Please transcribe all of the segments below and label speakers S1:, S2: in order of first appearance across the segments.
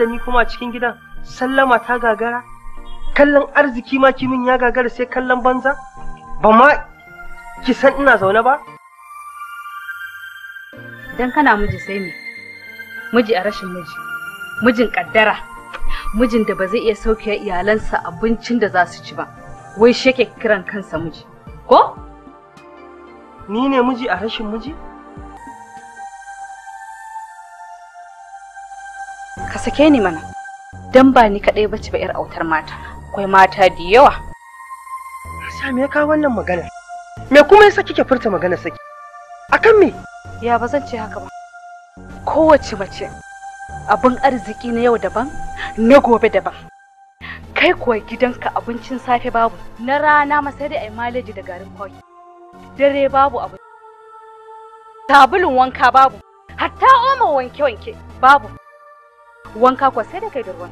S1: da ni kuma a cikin gidan sallama ta gagara kallon arziki ma kimin ya gagara sai kallon banza ba ma ki san ina zaune ba
S2: dan kana miji sai me miji a rashin miji mijin kaddara mijin da ba zai iya sauke iyalansa abincin da za su ci ba wai
S1: shi kiran kansa miji ko ni ne miji a rashin miji sake
S2: ni mana dan ba ni kadai bace ba yar autar mata akwai mata da yawa Aisha me ka wannan magana me kuma yasa kike furta magana saki akan me ya ba zan ce haka ba kowace mace abin arziki na yau daban na gobe daban kai kuwa gidanka abincin safe babu na rana ma sai dai ai malaji da garin kwaki dare babu abu sabulun wanka babu hatta oma wanke-wanke babu wanka ko sai da kai da ruwan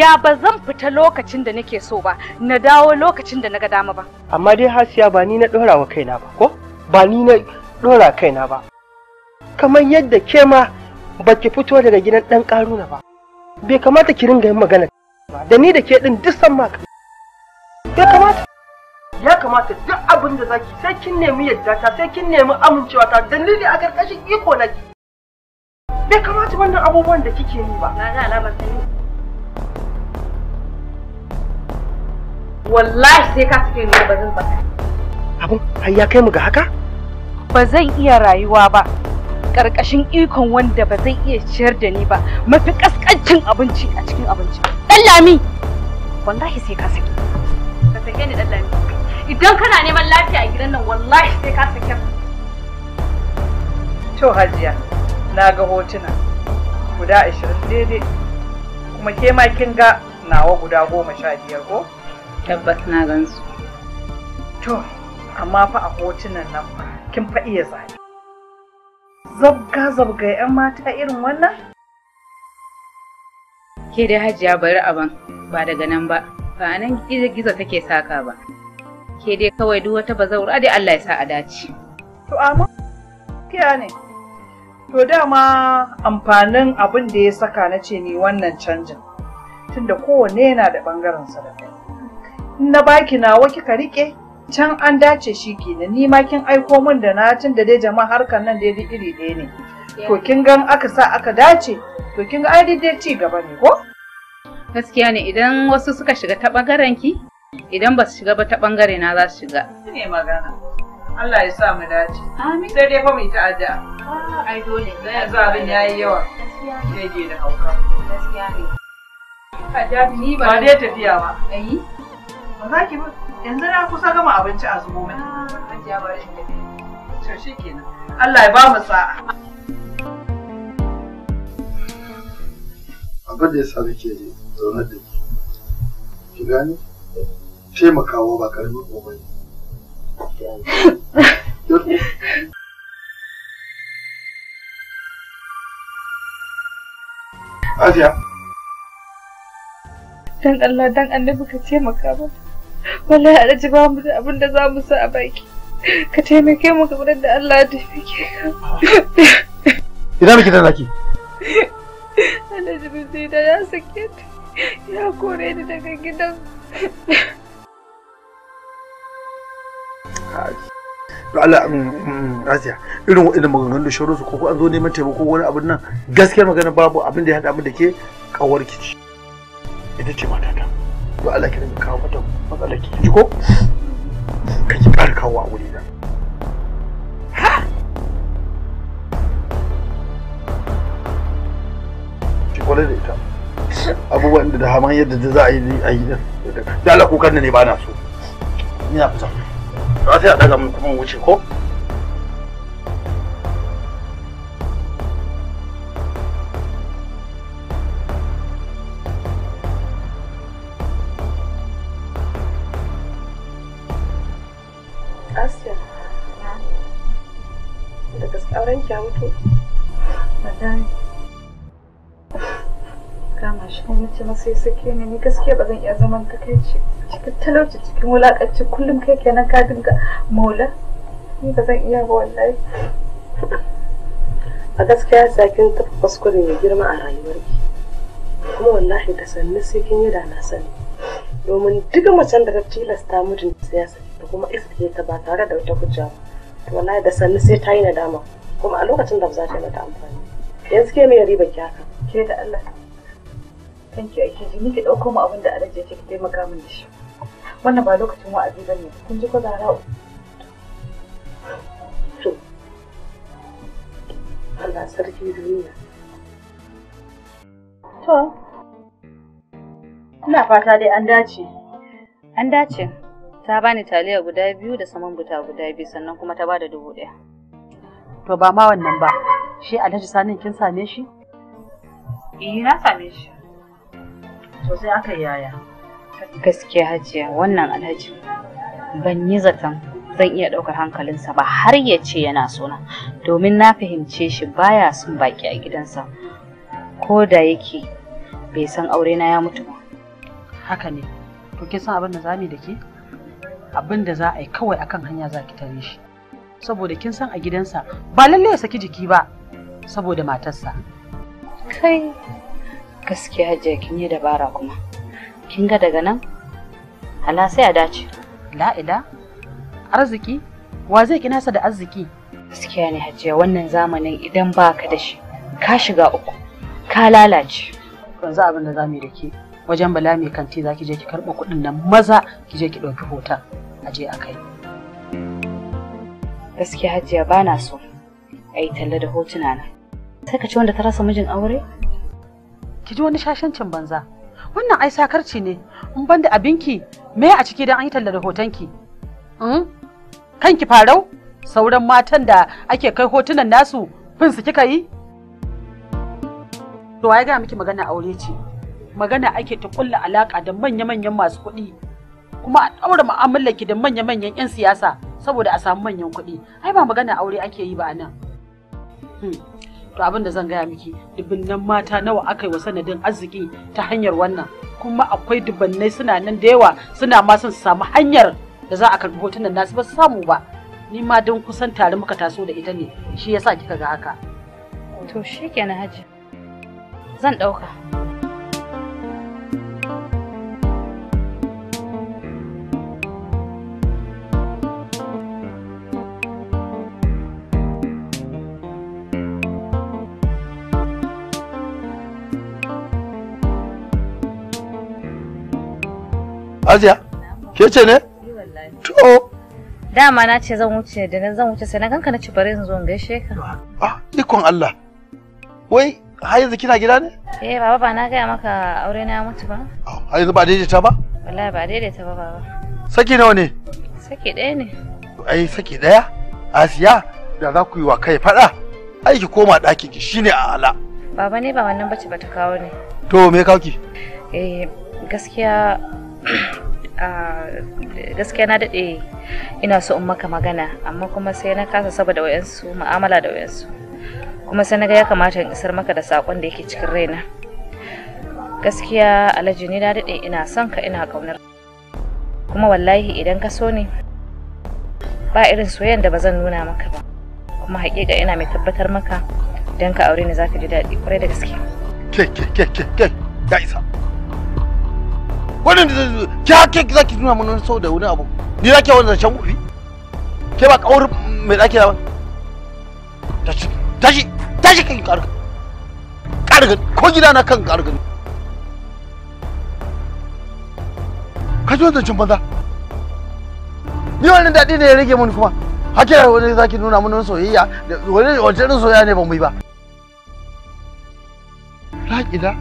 S2: ya ba zan fita lokacin da nake so ba na dawo lokacin da na ga dama ba
S1: amma dai hasiya ba ni na dora wa kaina ba ko ba ni na dora kaina ba kamar yadda ke ma ki fito daga gidan dan karuna ba bai kamata ki ringa yin magana da ni da ke din duk san ma bai kamata ya kamata duk abin da zaki sai kin nemi yadda ta sai kin nemi amincewa ta dalili a karkashin iko na ki bai kamata wannan abubuwan da kike yi ba na ga alamar sani wallahi
S2: sai ka cike ni ba zan baka
S3: abin har ya kai mu ga haka
S2: ba zan iya rayuwa ba ƙarƙashin ikon wanda ba zai iya ciyar da ni ba mafi ƙasƙancin abinci a cikin abinci Ɗan lami wallahi sai ka sake ka sake ni ɗan lami idan kana neman lafiya a gidan nan wallahi sai ka sake
S4: to hajiya na ga hotuna guda ashirin daidai kuma ke ma kin ga nawa guda goma sha biyar ko? tabbas na gansu to amma fa a hotunan nan fa kin fa iya zaɓe zabga zabga 'yan mata irin wannan
S2: ke dai hajiya bari aban ba daga nan ba ba nan gizo take saka ba ke dai kawai duk wata bazaura dai Allah ya sa a dace
S4: to amma kiya ne To dama amfanin abin da ya saka na ce ni wannan canjin tunda kowanne yana da ɓangaren sadaka. na baki nawa kika rike can an dace shi kenan ni ma kin aiko min da na tun da dai jama'a harkar nan dai iri ɗaya ne. To kin gan aka sa aka dace to kin ga ai dai ci gaba ne ko?
S2: Gaskiya ne idan wasu suka shiga ta ɓangaren ki idan ba su shiga ba ta ɓangare na za su shiga.
S4: Ne magana. Allah ya sa mu dace. Amin. Sai dai fa mu yi ta'adda. Ah, ai dole. Dan yanzu abin yayi yawa. Gaskiya Sai Shege da hauka. Gaskiya ne. Ka ja ni ba. Ba dai tafiya ba. Ai. Ba za ki ba. Yanzu na kusa gama abinci a zubo mana. Ah, hajiya ba da tafiya. To shikenan. Allah ya ba mu sa'a.
S5: Abin da ya sa nake zaunar da ki. Ki gani? Taimakawa ba karamin komai. Asiya.
S2: Dan Allah dan annabi ka taimaka mana.
S4: Wallahi daji ba mu da abin da za mu sa a baki. Ka taimake mu kamar da Allah ya taimake ka.
S5: Ina miki da naki?
S4: Alhaji bin sai da ya sake ta. Ya kore ni daga gidan.
S5: Allah mm, mm, Asiya irin waɗannan maganganun da shauransu ko an zo neman taimako wani abin nan gaskiyar magana babu abin da ya haɗa mu da ke kawar kici ita ce ta. to Allah ki rinka kawo mata matsala ki ji ko ka ki ƙara kawo a wuri na ki kula da ita abubuwan da da haman yadda za a yi a yi din da Allah kokar ne ba na so ina fita ba sai daga mun kuma wuce ko
S6: Asya,
S7: da gaske auren ya
S2: ne, ni gaskiya ba zan iya zaman ba cikin talauci cikin wulakanci kullum kai kenan ka dinga maula ni ba zan iya ba wallahi
S7: a gaskiya sakin tafi kuskure mai girma a rayuwarki kuma wallahi da sannu sai kin yi da na sani domin duk macen da ka tilasta mijin siyasa da kuma iske ta ba tare da wata hujja ba to wallahi da sannu sai ta yi nadama kuma a lokacin da ba za ta yi mata amfani yanzu ke mai riba ki haka ke da Allah kanki ake ji nake dauko mu abin da alaje ke taimaka min da shi wannan ba lokacin wa'azi ba ne kun ji ko zara'u
S8: to
S6: Allah sarki duniya
S2: to ina fata dai an dace an dace ta bani taliya guda biyu da saman buta guda biyu sannan kuma ta bada dubu ɗaya
S8: to ba ma wannan ba shi alhaji sanin kin same shi
S2: eh na same shi to sai aka yaya gaskiya hajiya wannan alhaji ban yi zaton zan iya ɗaukar hankalinsa ba har ya ce yana sona domin na fahimce shi baya son baki a gidansa ko da yake bai san aure na ya mutu ba haka ne to kin san abin da za da ke
S8: abin da za a yi kawai akan hanya za ki tare shi saboda kin san a gidansa ba lallai ya saki jiki ba saboda matarsa
S2: kai gaskiya hajiya kin yi dabara kuma kin ga daga nan hala sai a dace la'ila arziki wa zai kinasa da arziki gaskiya ne hajiya wannan zamanin idan ba ka da shi ka shiga uku ka lalace
S8: yanzu abin da zamu yi da wajen bala mai kanti za ki je ki karɓa kuɗin nan maza ki je ki ɗauki
S2: hoton a je a kai gaskiya hajiya ba na so a yi talla da hotuna na sai ka ci wanda ta rasa mijin aure ki ji
S8: wani shashancin banza wannan ai sakarci ne in banda abinki me a ciki dan an yi talla da hotonki hmm? kanki farau sauran matan da ake kai hotunan nasu fin su kika yi to ai ga miki magana aure ce magana ake ta kulla alaka da manya-manyan masu kuɗi kuma a ɗaura mu'amalar da manya-manyan 'yan siyasa saboda a samu manyan kuɗi ai ba magana aure ake yi ba nan hmm. to abin da zan gaya miki dubunnan mata nawa aka yi wa sanadin arziki ta hanyar wannan kuma akwai dubannai suna nan da yawa suna ma su samu hanyar da za a karɓi hotunan nasu ba su samu ba ni ma don kusan tare muka taso da ita ne
S2: shi yasa kika ga haka to shikenan hajji zan ɗauka.
S5: Ajiya? Ke ce ne?
S2: To. Dama na ce zan wuce da nan zan wuce sai na ganka na ci bari in zo in gaishe ka.
S5: Ah, ikon Allah. Wai har yanzu kina gida ne?
S2: Eh baba ba na gaya maka aure na mutu ba.
S5: Ah, yanzu ba daidaita ba?
S2: Wallahi ba daidaita ba baba.
S5: Saki nawa ne?
S2: Saki ɗaya ne.
S5: Ai saki ɗaya? Asiya da za ku yi wa kai faɗa? Ai ki koma ɗaki ki shine a ala.
S2: Baba ne ba wannan bace ba ta kawo ne.
S5: To me kawo ki?
S2: Eh gaskiya Ah, gaskiya na daɗe ina so in maka magana amma kuma sai na kasa saboda wayansu ma'amala da wayansu kuma sai na ga ya kamata in isar maka da sakon da yake cikin raina gaskiya alhaji ni na daɗe ina son ka ina ƙaunar kuma wallahi idan ka so ne ba irin soyayyen da ba zan nuna maka ba kuma haƙiƙa ina mai tabbatar maka idan ka aure ni zaka ji daɗi ƙwarai da gaske
S5: ke ke ke ke ke ya isa wannan ki hake za nuna mana sau da wani abu ni za wani zancen wuri ke ba kawar mai ɗaki na ba tashi tashi tashi kan ƙarga ƙarga ko gida na kan ƙarga ka ji zancen banza ni wani daɗi ne ya rage mun kuma hake wani za nuna mana soyayya wani wace soyayya ne ba mu yi ba ka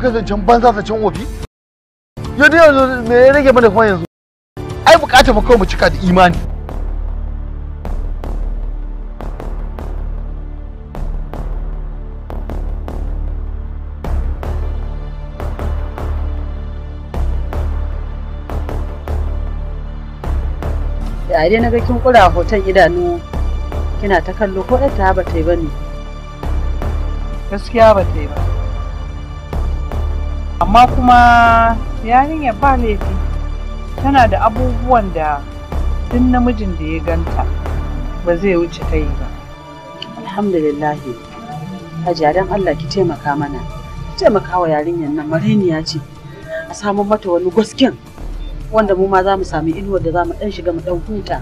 S5: kaga zancen banza zancen obi? yanzu yanzu me ya rage mana kuma yanzu ai bukata mu kawai mu cika da imani
S8: da dai na ga kin kura hoton idanu kina ta kallo ko ta ba ta yi ba
S4: gaskiya ba ta yi ba amma kuma yarinya ba laifi tana da abubuwan da duk namijin da ya ganta ba zai wuce ta yi
S8: ba alhamdulillahi hajiya don allah ki taimaka mana ki taimaka wa yarinyar nan mareniya ce a samu mata wani gaskiya. wanda mu ma za mu sami inuwar da za mu ɗan shiga mu dan huta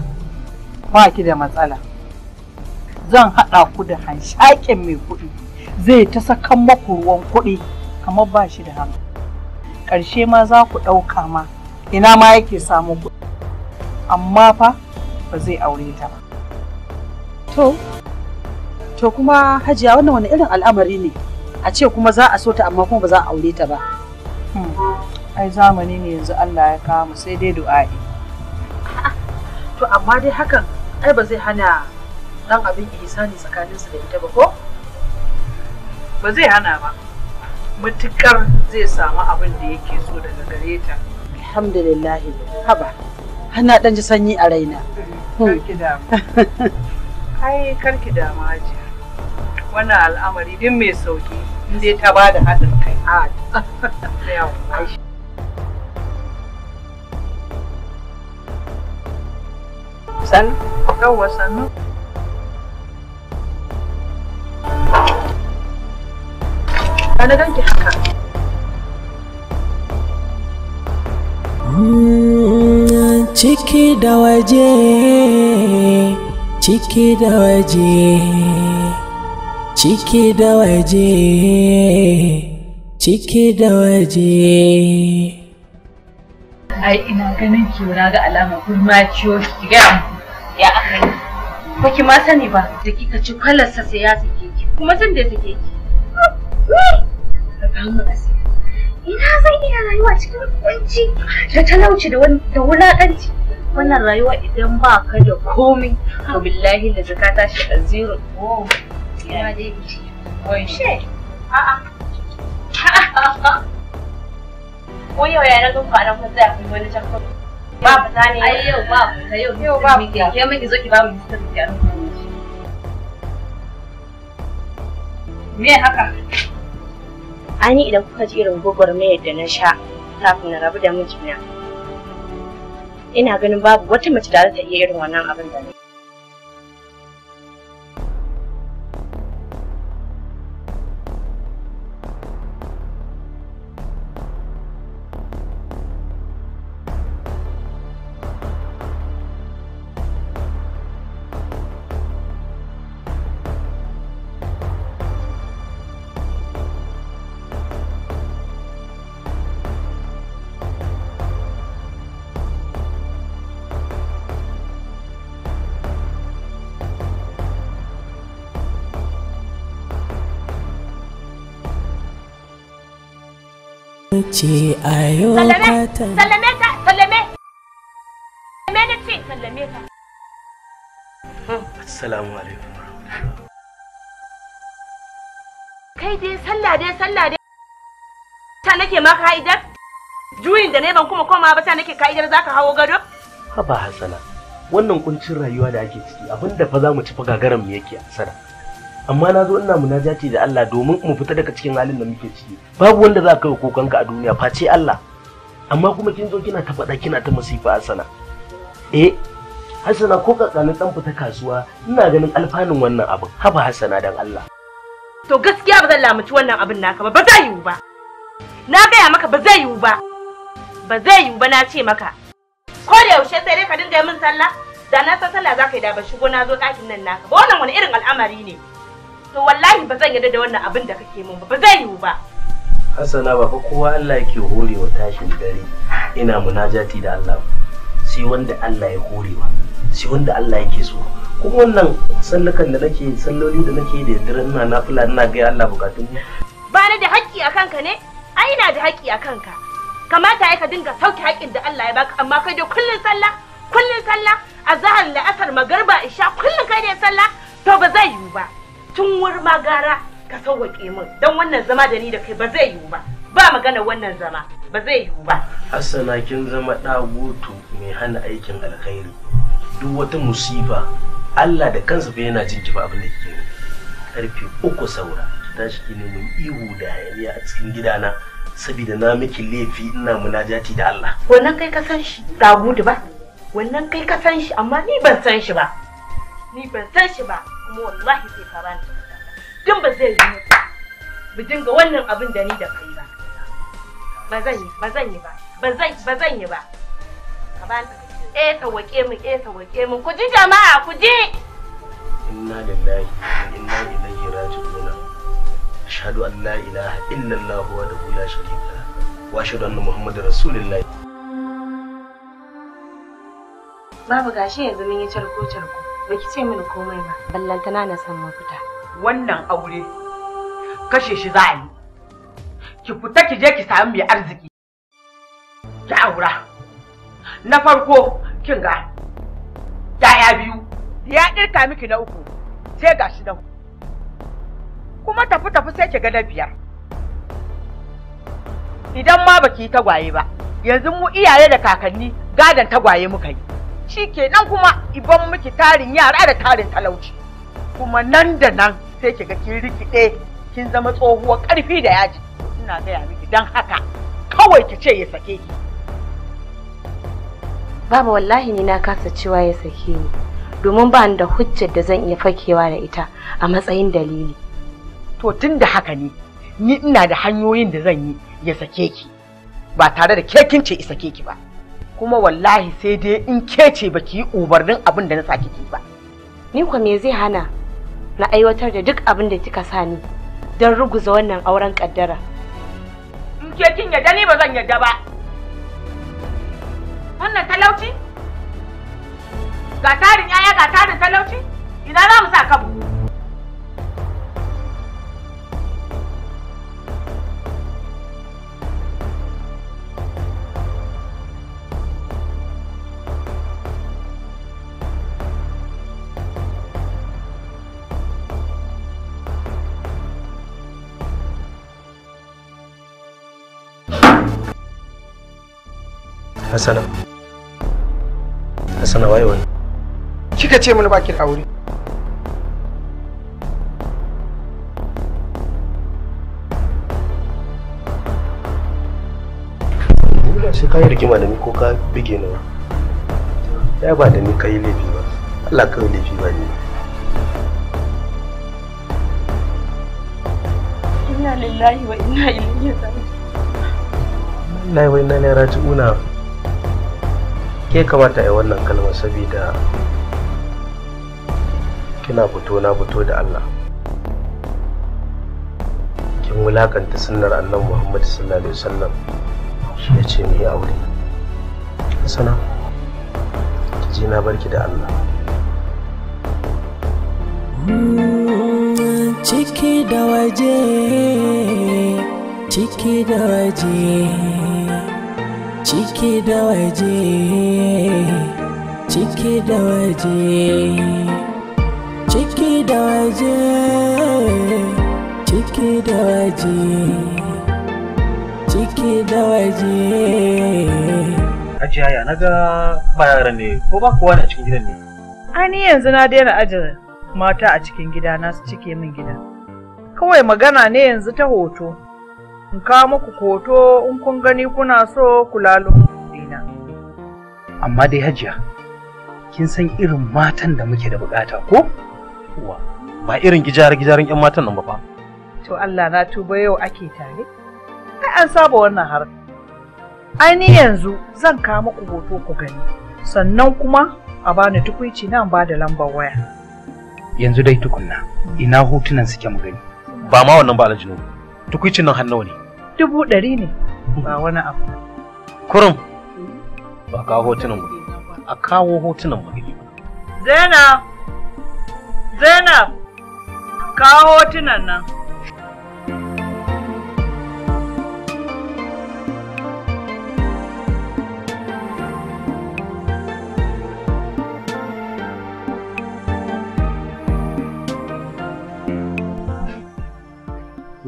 S8: ba ki da matsala zan haɗa ku da hanshaƙin mai kuɗi zai ta sakan maku ruwan kuɗi
S4: kamar ba shi da hannu. Karshe ma za ku ɗauka ma ina ma yake
S8: samu kuɗi amma fa ba zai aure ta ba to to kuma hajiya wannan wani irin al'amari ne a ce kuma za a so ta amma kuma ba za a aure ta ba
S4: hmm, ai zamani ne yanzu Allah ya kama sai dai du'a'i
S8: to amma dai hakan ai ba zai hana dan abin ihsani tsakaninsu da ita ba ko ba zai hana ba
S4: matukar zai samu abin da yake so daga gare ta
S8: alhamdulillah haba hana dan ji sanyi a raina mm-hmm. karki
S4: da ai karki da ma ji wannan al'amari din mai sauki in dai ta bada hadin kai a san yawwa sannu a na haka
S6: mm, ciki da waje ciki da waje ciki da waje ciki da waje
S8: ai ina ganin
S2: ki na ga alama gurma ciwo ki ga ya aka yi ko ki ma sani ba da kika ci sa sai ya sake ki kuma san da take ki rufa ina
S4: zan iya rayuwa cikin kunci
S2: da talauci da da wannan rayuwa idan ba ka da komai to billahi da zaka tashi a zero wow ya dai ki wai she a
S9: a ko yau ya rago kwanan kun tsaya kun wani can
S2: ba fita ne ai yau ba fita yau yau ba fita ke ki zo ki ba mu fita ki yaro me haka
S9: ani idan kuka ji irin gwagwarmayar da na sha kafin na rabu da mijina ina ganin babu wata mace da za ta iya irin wannan abin da na
S6: ce a yau ta sallame
S9: ta sallame na ce sallame ta
S3: assalamu alaikum
S9: kai dai sallah dai sallah dai ta nake ma ka'idar juyin da ne ban kuma koma ba ta nake ka'idar zaka hawo
S3: gado haba hasana wannan kuncin rayuwa da ake ciki abinda fa za mu ci fa gagaran mu yake a sana amma na zo ina munajati da Allah domin mu fita daga cikin halin da muke ciki babu wanda za ka yi ka a duniya face Allah amma kuma kin zo kina ta faɗa kina ta masifa sana. eh Hassana ko kakanin dan fita kasuwa ina ganin alfanun wannan abin haba Hassana dan Allah
S9: to gaskiya ba zan lamuci wannan abin naka ba ba zai yiwu ba na gaya maka ba zai yiwu ba ba zai yiwu ba na ce maka ko da yaushe sai dai ka dinga min sallah da na san sallah za ka yi da ba shigo na zo ɗakin nan naka ba wannan wani irin al'amari ne to wallahi ba zan yarda da wannan abin da kake min ba ba zai yiwu ba
S3: Hassana ba fa kowa Allah yake horewa tashin dare ina munajati da Allah sai wanda Allah ya horewa sai wanda Allah yake so kuma wannan sallukan da nake salloli da nake da daren ina nafila ina ga Allah bukatun
S9: ba ni da haƙƙi a kanka ne ai ina da haƙƙi a kanka kamata ai ka dinga sauke haƙƙin da Allah ya baka amma kai da kullun sallah kullun sallah azhar la'asar magarba isha kullun kai da sallah to ba zai yiwu ba tun Magara gara ka sauwaƙe min don wannan zama da ni da kai ba zai yiwu ba ba magana wannan zama ba zai yiwu ba
S3: hassana kin zama ɗagoto mai hana aikin alkhairi duk wata musifa Allah da kansa fa yana jinki ba abin da kike karfe uku saura tashi ki ne mun ihu da hayaniya a cikin gidana saboda na miki laifi ina munajati da Allah
S9: wannan kai ka san shi ɗagudu ba wannan kai ka san shi amma ni ban san shi ba ni ban san shi ba kuma wallahi sai ka bani din ba zai yi bi dinga wannan abin da ni da kai ba ba zan yi ba zan yi ba ba zan ba zan yi ba ka bani eh ka wake mu eh ka wake min ku ji jama'a ku ji
S3: inna lillahi wa inna ilaihi raji'un ashhadu an la ilaha illa allah wa la sharika lahu wa ashhadu anna muhammadar rasulillah.
S9: babu gashi yanzu mun yi charko charko baki ce mini komai ba ballantana na san mafita
S8: wannan aure kashe shi za a yi
S9: ki fita ki je ki sami mai arziki ki aura na farko kin ga yaya biyu ya ɗirka miki na uku sai ga shi nan kuma tafi tafi sai ki ga na biyar idan ma baki yi tagwaye ba yanzu mu iyaye da kakanni gadon tagwaye muka yi shi nan kuma iban miki tarin yara da tarin talauci kuma nan da nan sai ki ga kin rikide kin zama tsohuwar karfi da yaji ina gaya miki dan haka kawai ki ce ya sake ki baba wallahi ni na kasa cewa ya sake ni domin ba ni da hujjar da zan iya fakewa da ita a matsayin dalili to tun da haka ne ni ina da hanyoyin da zan yi ya sake ki ba tare da ke ce isa sake ki ba kuma wallahi sai dai in kece baki yi ubarnin abin da na saki ki ba ni kuma me zai hana na aiwatar da duk abin da kika sani don ruguza wannan auren kaddara in ke kin yadda ni ba zan yadda ba wannan talauci ga tarin yaya ga tarin talauci ina za mu sa kabu
S3: Hassana. Hassana waye wani.
S5: Kika ce mini ki da aure.
S3: Dole sai ka yi rigima da ni ko ka bige ni ba. Ya ba da ni ka yi laifi ba. Allah ka yi laifi ba ni.
S7: Inna lillahi wa inna ilaihi raji'un.
S3: Inna lillahi wa inna ilaihi raji'un. ke kamata a yi wannan kalma saboda kina fito na fito da Allah kin wulakanta sunnar annabi Muhammad sallallahu alaihi wasallam shi ya ce mu yi aure sana ki ji na barki da Allah
S6: ciki da waje ciki da waje ciki da waje ciki da waje ciki da waje ciki da waje ciki da waje
S8: ajiya ya naga ba yaran ne ko ba kowa a cikin gidan ne
S4: ai ni yanzu na daina ajiye mata a cikin gida na su cike min gida kawai magana ne yanzu ta hoto in kawo muku hoto in kun gani kuna so ku lalo dina
S3: amma dai hajiya kin san irin matan da muke da bukata ko wa? ba irin gijara gijaran yan matan nan ba fa
S4: to Allah na tuba yau ake tare ai an saba wannan har. ai ni yanzu zan kawo muku hoto ku gani sannan kuma a bani tukuici na ba da lambar waya
S3: yanzu dai tukunna ina hotunan suke mu gani ba ma wannan ba aljinu tukuicin nan hannawa ne
S4: dubu ɗari ne ba wani abu
S3: kurum hmm? ba a kawo hotunan mu a kawo hotunan mu
S4: zainab zainab kawo hotunan nan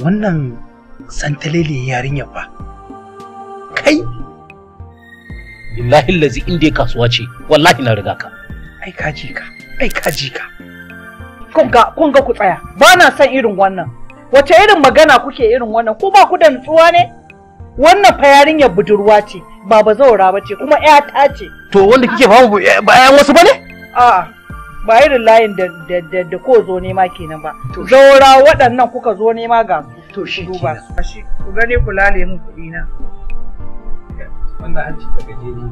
S3: wannan santalele yarinyar fa kai billahi lazi inda kasuwa ce wallahi na riga ka
S4: ai ka ji ka ai ka ji ka kun ga kun ga ku tsaya ba na son irin wannan wace irin magana kuke irin wannan ko ba ku da nutsuwa ne wannan fa yarinyar budurwa ce ba ba zaura ba ce kuma ƴata ce to wanda kike fama ba ƴan wasu bane a'a ba irin layin da da da ko zo nema kenan ba zaura waɗannan kuka zo nema ga su to shi duba shi ku gane ku lale mun kuɗi na wannan hanci daga jeri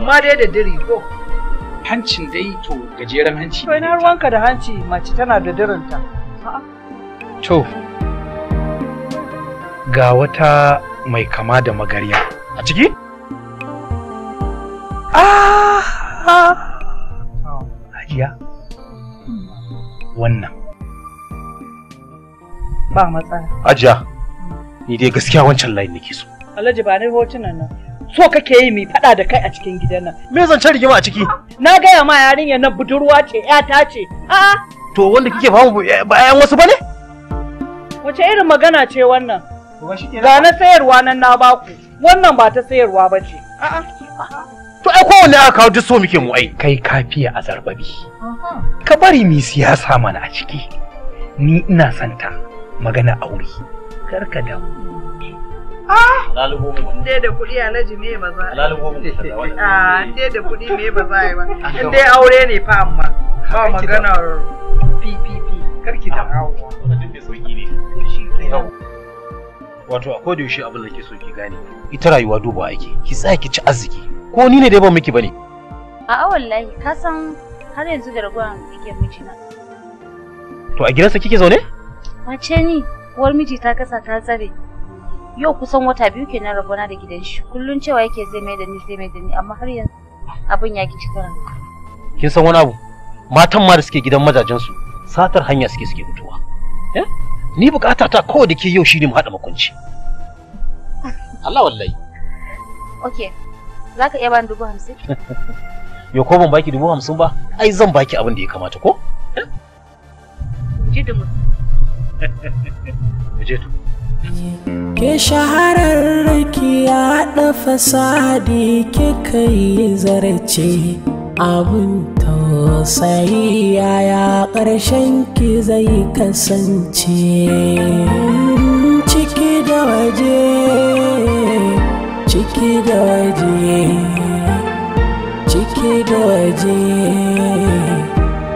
S4: amma dai da diri ko hancin dai to gajeren hanci to ina ruwanka da hanci mace tana da dirinta
S3: to ga wata mai kama da magarya a ciki
S1: ah
S3: hajiya wannan Ba matsala. Ajiya, ni dai gaskiya wancan layin nake so.
S4: Alhaji ba ne hotunan nan. So kake yi mai faɗa da kai a cikin gidan nan. Me zancen rigima a ciki? Na gaya ma yarinyar na budurwa ce, ta ce. A
S3: To wanda kike fama ba bayan wasu ba ne?
S4: Wace irin magana ce wannan? Ga na sayarwa nan na baku. Wannan ba ta sayarwa
S3: ba ce. To ai kowanne aka kawo duk so muke mu ai. Kai kafiya a zarbabi. Ka bari mi siyasa mana a ciki. Ni ina santa. magana aure karka da mu Ah! Lalubo mu.
S4: Inde da kuɗi a naji me ba za a yi. Lalubo mu. Eh, eh, ah, inde da kuɗi me ba za a yi ba. Inde aure ne fa amma.
S3: Ba magana PPP. Karki da hawa. Wannan duk sauki ne. Shi kenan. wato a koda yaushe abin da ke so ki gane ita rayuwa duba ake ki tsaya ki ci arziki ko ni ne dai ba miki bane
S2: a a wallahi ka san har yanzu da ragowa yake miji na
S3: to a gidansa kike zaune
S2: Wace ni? Uwar miji ta kasa ta tsare. Yau kusan wata biyu kenan rabona da gidan shi. Kullun cewa yake zai mai da ni zai mai da ni amma har yanzu abin ya ki cika
S3: Kin san wani abu? Matan ma da suke gidan mazajen su satar hanya suke suke fitowa. Eh? Ni bukata ta kowa da ke yau shi ne mu haɗa makunci. Allah wallahi.
S2: Okay. Za ka iya bani dubu hamsin?
S3: Yo ko ban baki dubu hamsin ba? Ai zan baki abin da ya kamata ko? Eh?
S2: Jidumu.
S6: Ke ki haɗa fasadi zarce abin tausayi yaya ƙarshen ki zai kasance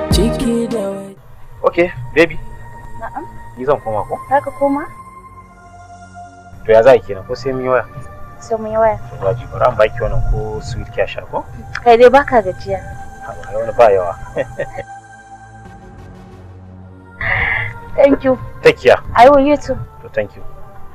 S6: ciki okay baby Ni zan koma ko? Za ka koma?
S3: To ya za ki kenan ko sai mun yi waya? Sai mun yi waya. To ba ji bari an baki wannan ko sweet cash ko?
S2: Kai dai baka gajiya.
S3: Ha wani ba yawa. Thank you. Take care.
S6: I will you too. To thank you.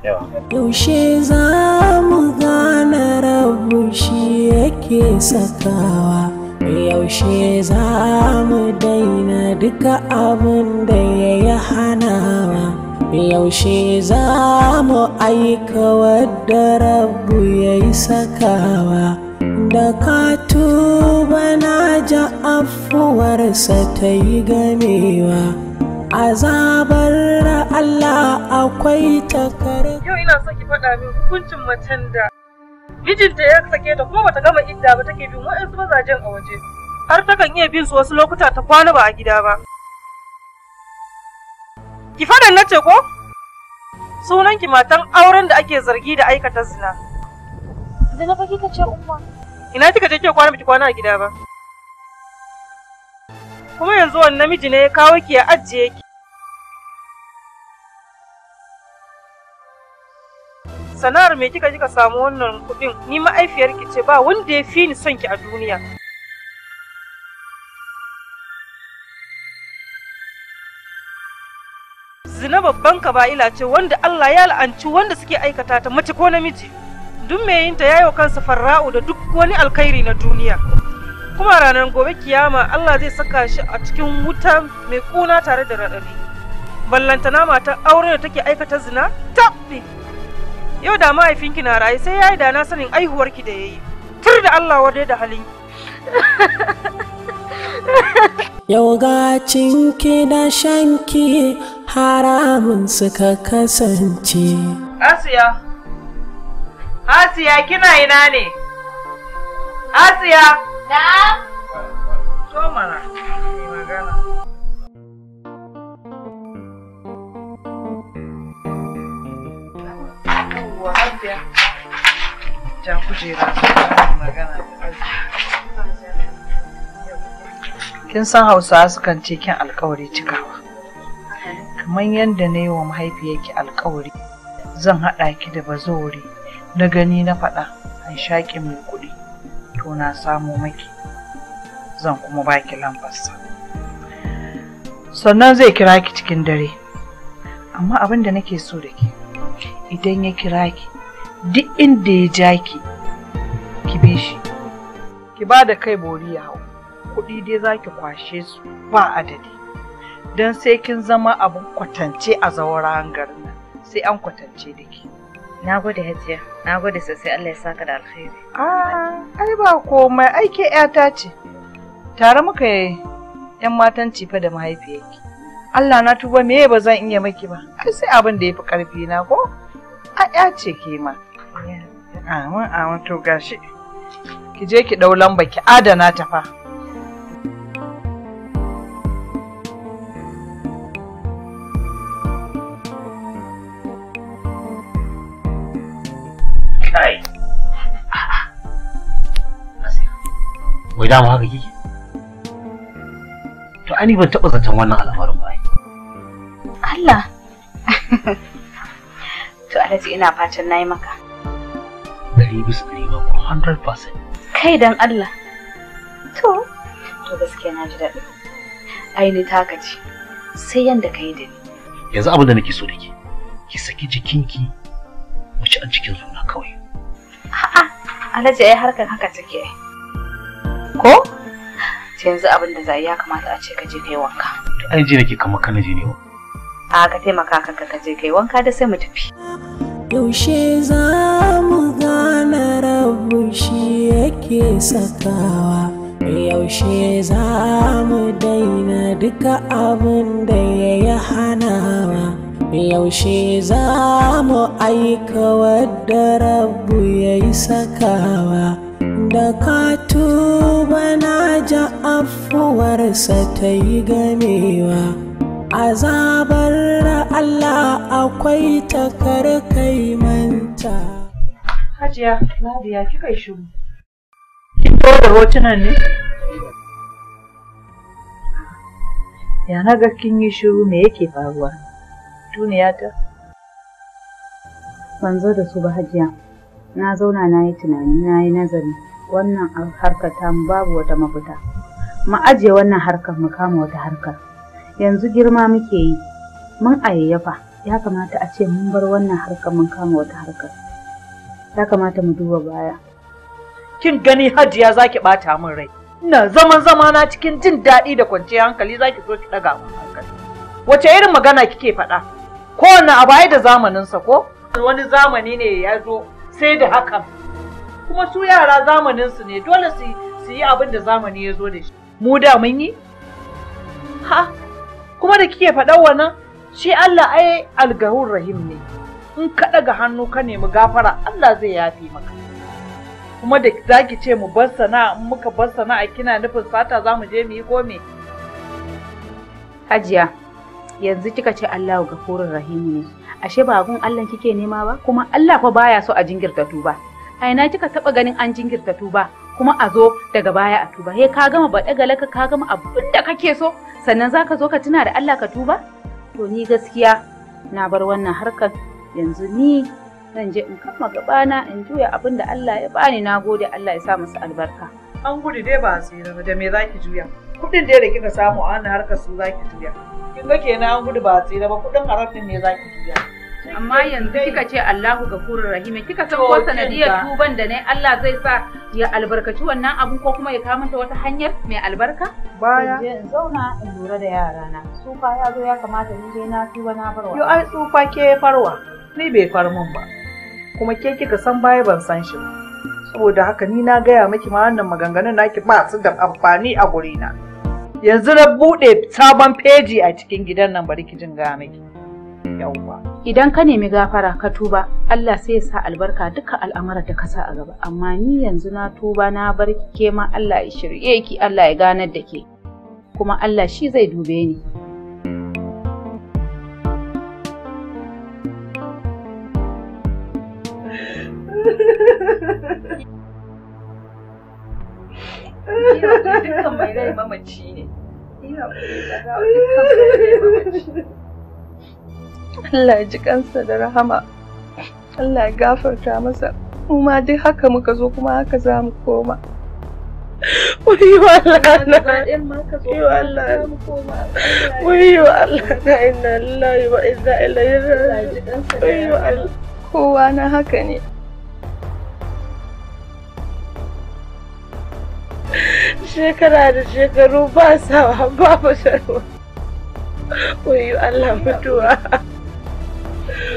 S6: Yaushe za mu gane rabu shi yake sakawa. yaushe za mu daina duka abin da ya yi hanawa yaushe za mu aika wadda rabu ya yi sakawa da ka tuba na ja afuwarsa ta yi gamewa azabar Allah akwai takarda yau ina so ki faɗa min hukuncin macen da Mijinta
S1: ya sake ta kuma bata gama idda ba take bin waɗansu mazajen a waje. Har ta kan iya bin su wasu lokuta ta kwana ba a gida ba. Ki fadan na ce ko? ki matan auren da ake zargi da aikata zina. Da na ka ce umma. Ina kika je ke kwana miki kwana a gida ba? Kuma yanzu wannan namiji ne ya kawo ki ya ajiye ki. sana'ar me kika kika samu wannan kuɗin ni mahaifiyarki ce ba wanda ya fi ni son ki a duniya zina babban ila ce wanda Allah ya la'anci wanda suke aikata ta mace ko namiji duk mai ta yayo kansa farra'u da duk wani alkhairi na duniya kuma ranar gobe kiyama Allah zai saka shi a cikin wuta mai kuna tare da raɗaɗi ballantana matan aure da take aikata zina tabbi yau da mahaifinki na raye sai yayi da na sanin aihuwarki da ya yi. tur da Allah wa da halin
S6: yau gacinki da shanki haramun suka kasance
S4: asiya asiya kina ina ne asiya na so mara Gaskiya. Ja kujera magana Kin san Hausawa sukan ce kin alkawari cikawa. Kamar yadda na yi wa mahaifiyarki alkawari zan haɗa ki da bazori na gani na faɗa an shaƙi mai kuɗi to na samo maki zan kuma baki lambarsa. Sannan zai kira ki cikin dare. Amma abin da nake so da ke idan ya kira ki duk inda ya ja ki ki bi shi ki ba da kai bori ya hau kuɗi dai za ki kwashe su ba adadi don sai kin zama abin kwatance a zaurawan garin
S2: nan sai an kwatance da ke na gode hajiya na gode sosai allah ya saka da alkhairi
S4: ah, ai ba komai aike yata ce tare muka yi yan matan cifa da mahaifiyarki allah na tuba me ba zan iya maki ba ai sai abin da ya fi karfi na ko a ya ce ke ma Amin amin ah, ah, to gashi. Ki je ki ɗau lamba ki adana ta fa.
S7: Kai.
S3: Wai dama haka kike? To ani ban taɓa zaton wannan al'amarin ba. Allah.
S2: to Alhaji ina fatan nayi maka.
S3: ɗari bisa ɗari ba ko 100%.
S2: Kai don Allah. To, to gaskiya na ji daɗi. Aini taka ce, sai yadda ka yi da ni.
S3: Yanzu abin da nake so da ke, ki saki jikinki mu ci an cikin zuna kawai.
S2: A'a, Alhaji ai harkar haka take ai. Ko? yanzu abin da zai ya kamata a ce ka je kai wanka.
S3: To ai je nake kamar kana je ne wa.
S2: A ka taimaka kanka ka je kai wanka
S6: da sai mu tafi. yaushe za mu gane rabu shi yake sakawa yaushe za mu daina duka abin da ya yi hanawa yaushe za mu aika wadda rabu ya yi sakawa da ka tuba na ja afuwarsa ta yi gamewa azabar Allah akwai takarkaimanta manta. Hajiya, Nadiya, kika yi shiru. Kin da hotunan ne?
S2: Ya na kin yi shiru me yake faruwa? Duniya ta? Ban zo da su ba hajiya. Na zauna na yi tunani na yi nazari. Wannan harkar ta babu wata mafita. Mu ajiye wannan harkar mu kama wata harkar. yanzu girma muke yi mun ayyafa ya kamata a ce mun bar wannan harkar mun kama wata harkar ya kamata mu duba baya
S4: kin gani hajiya zaki bata min rai ina zaman zamana cikin jin daɗi da kwanciyar hankali zaki zo ki daga mun hankali wace irin magana kike faɗa kowane a baya da zamanin zamaninsa ko wani zamani ne ya zo sai da hakan kuma su yara zamaninsu ne dole su yi abin da zamani ya zo da shi mu da mun yi ha kuma da kike faɗa wannan shi Allah ai algahur rahim ne in ka daga hannu ka nemi gafara Allah zai yafi maka kuma da zaki ce mu bar sana'a in muka bar sana'a kina nufin sata za mu je mu yi ko me
S2: Hajiya yanzu kika ce Allahu gafurur rahim ne ashe ba gun Allah kike nema ba kuma Allah fa baya so a jingirta tuba a ina kika taba ganin an jingirta tuba kuma a zo daga baya a tuba he ka gama baɗe laka ka gama abin da kake so sannan zaka zo ka tuna da Allah ka tuba to ni gaskiya na bar wannan harkar yanzu ni zan je in kama gabana in juya abin da Allah ya bani na gode Allah ya sa musu albarka
S4: an gudu dai ba tsira ba da me zaki juya
S2: kudin dai da kika
S4: samu a wannan harkar su zaki juya kin ga kenan an gudu ba tsira ba kudin harafin ne zaki juya
S2: amma yanzu kika ce Allahu gafurur rahim kika san ko sanadiyar tuban da ne Allah zai sa ya albarkaci wannan abu ko kuma ya kawo mata wata hanyar mai albarka baya in zauna in lura da yarana tsufa ya zo ya kamata ni dai na tuba na farwa yo ai tsufa
S4: ke farwa ni bai far mun ba kuma ke kika san baya ban san shi ba saboda haka ni na gaya miki ma wannan maganganun naki ba su da amfani a guri na yanzu na
S2: buɗe sabon feji a cikin gidan nan bari ki jin gaya miki idan ka nemi gafara ka tuba Allah sai ya sa albarka duka al'amuran da ka sa a gaba amma ni yanzu na tuba na bar ke ma Allah ya shirye ki Allah ya ganar da ke kuma Allah shi zai dube ni
S6: Dukkan mai rai
S4: mamaci ne.
S1: Ina kuma dukkan mai rai mamaci.
S7: Allah ya ji
S4: kansa da rahama Allah ya gafarta masa mu ma dai haka muka zo kuma
S7: haka za mu koma Wayo Allah na Wayo Allah
S6: Allah na
S4: kowa na haka ne
S7: shekara da shekaru ba sawa babu sarwa wayo Allah mutuwa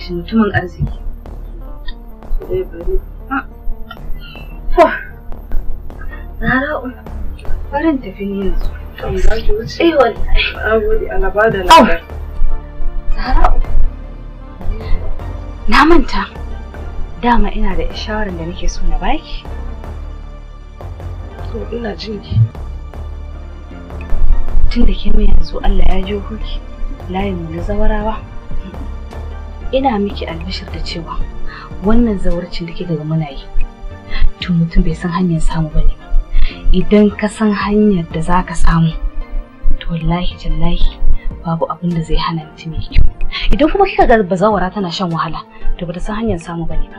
S2: shi mutumin arziki ah. barin tafi ne
S7: yanzu. Eh,
S2: na manta. Dama ina da isharar da nake so na baki. To ina Tun da ke mai yanzu Allah ya ji kuki layin mu na zawarawa. ina miki albishir da cewa wannan zawarcin da kika ga muna yi to mutum bai san hanyar samu bane idan ka san hanyar da za ka samu to wallahi jallahi babu abin da zai hana mutum mai kyau idan kuma kika ga bazawara tana shan wahala to ba ta san hanyar samu bane ba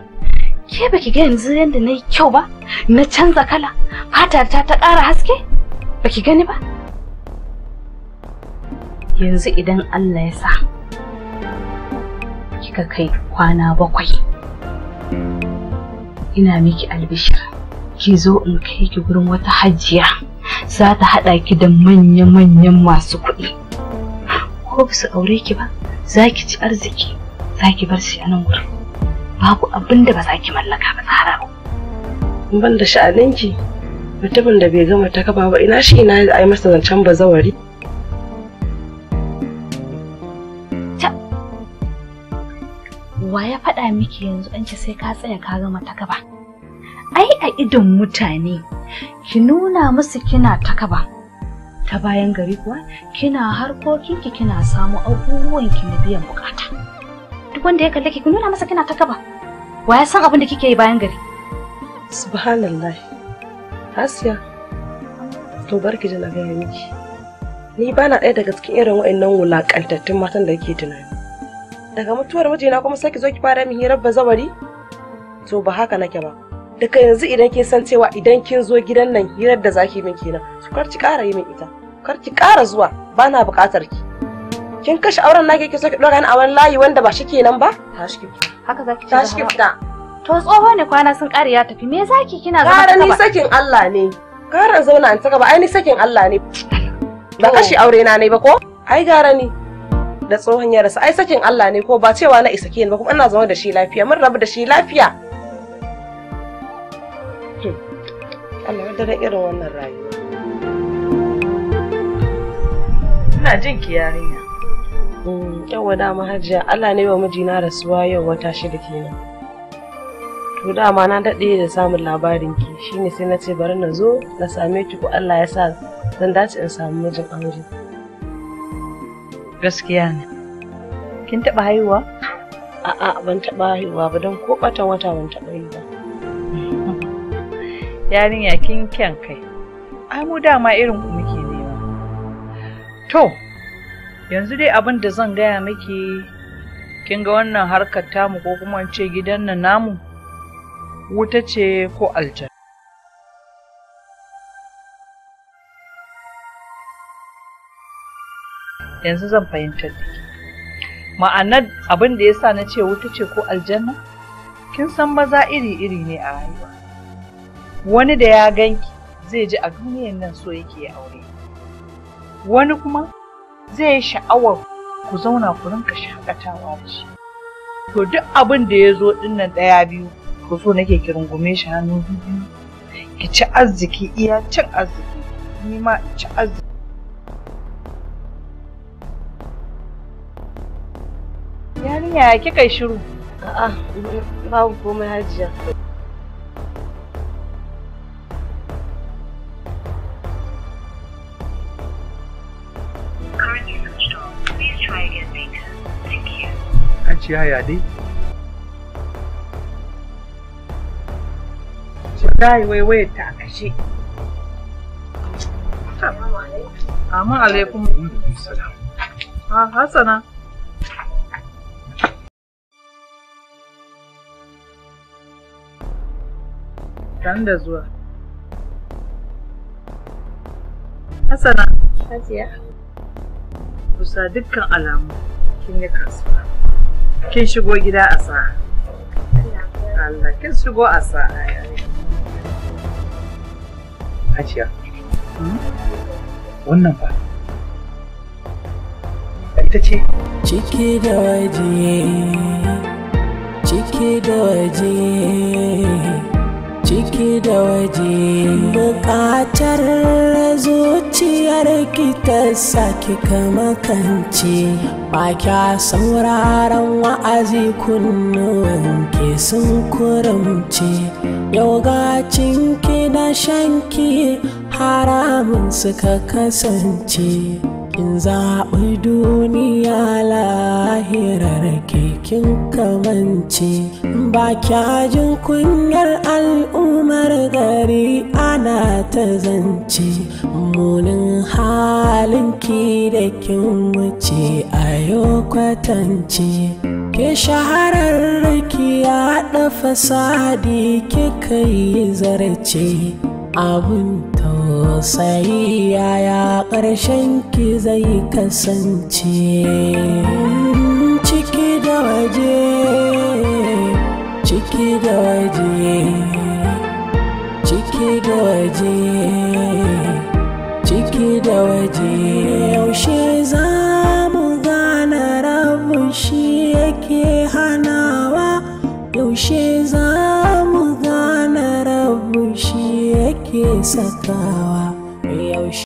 S2: ke baki ga yanzu yadda na yi kyau ba na canza kala fata ta ta ƙara haske baki gani ba yanzu idan Allah ya sa kika kai kwana bakwai ina miki albishir ki zo in kai ki gurin wata hajiya za ta haɗa ki da manya-manyan masu kuɗi ko ba su aure ki ba za ki ci arziki za ki bar shi a nan gurin babu abin da ba za ki mallaka ba tsara
S7: ba ban da sha'aninki mutumin da bai gama ta kaba ba ina shi ina yi masa zancen bazawari
S2: wa ya faɗa miki yanzu an ce sai ka tsaya ka gama ta gaba ai a idon mutane ki nuna musu kina ta gaba ta bayan gari kuwa kina harkokinki kina samu ki na biyan bukata duk wanda ya kalle ki nuna masa kina ta gaba wa ya san abin da kike yi bayan gari subhanallah hasiya to barki da na gaya
S7: miki ni bana ɗaya daga cikin irin wa'annan wulakantattun matan da kike tunani daga mutuwar mijina kuma sai ki zo ki fara min hirar bazawari to ba haka nake ba daga yanzu idan kin san cewa idan kin zo gidan nan hirar da zaki min kenan to kar ki ƙara yi min ita kar ki ƙara zuwa bana buƙatar ki kin kashe auren nake ki so ki dora ni a wani layi wanda ba shi kenan ba tashi ki
S2: haka zaki tashi ki fita
S7: to tsoho ne kwana sun ƙare ya
S2: tafi me zaki kina zama ƙara ni sakin Allah
S7: ne ƙara zauna an ta gaba ai ni sakin Allah ne ba kashi aure na ne ba ko ai gara ni da tsohon ya rasa ai sakin Allah ne ko ba cewa na isa ke ba kuma ina zama da shi lafiya mun rabu da shi lafiya hmm. Allah wadda da irin wannan rayuwa ina jin ki yarinya hmm, yawa dama hajiya Allah ne wa mijina rasuwa yau wata shida kenan to dama na daɗe da samun labarin ki shine sai na ce bari na zo na same ki ko Allah ya sa zan dace in samu mijin aure
S4: Gaskiya ne.
S7: Kin taɓa haihuwa? A'a ban taɓa haihuwa ba don ko bata wata ban taɓa yi ba.
S4: ya kin kyan kai. Ai mu dama irin ku muke nema. To, yanzu dai abin da zan gaya miki kin ga wannan harkar tamu ko kuma in ce gidan nan namu wuta ce ko alja yanzu zan fahimtar da ke ma'anar abin da ya sa na ce wuta ce ko aljanna kin san maza iri-iri ne a rayuwa wani da ya ganki zai ji a duniyan nan so yake ya aure wani kuma zai yi sha'awar ku zauna ku rinka
S1: shakatawa da shi
S4: to duk abin da ya zo dinnan ɗaya biyu ko so nake ki rungume shi hannu biyu ki ci arziki iya cin arziki ni ma ci arziki Yarinya kika shiru? A'a, babu komai hajiya.
S5: Ajiya ya dai?
S4: Wallahi wai wayar ta a kashe.
S1: Amma alaikum. Assalamu
S4: alaikum. Ah, Hassana. Sani da zuwa. Hassana. Hajiya. Kusa dukkan alamu kin yi kasuwa. Kin shigo gida a sa'a. Allah kin shigo a sa'a
S6: ya hmm? Wannan ba. Ita ce. Ciki da waje. Ciki da waje. ciki da waje buƙatar zuciyar ki ta saki kamakance ba kya sauraron wa'azi kunnuwan ke sun kurumce yau gacin ki da shanki haramun suka kasance kin zaɓi duniya lahirar kikin kamance ba kyajin kunyar al'ummar gari ana ta zance munin ki da kin wuce a yau kwatance ke shahararraki ya ɗafa sadi kika yi zarce abin tausayi yaya ƙarshen ki zai kasance ciki da waje ciki da waje ciki da waje ciki da waje yaushe za mu gane rabu shi yake hanawa yaushe za shi yake sakawa yaushe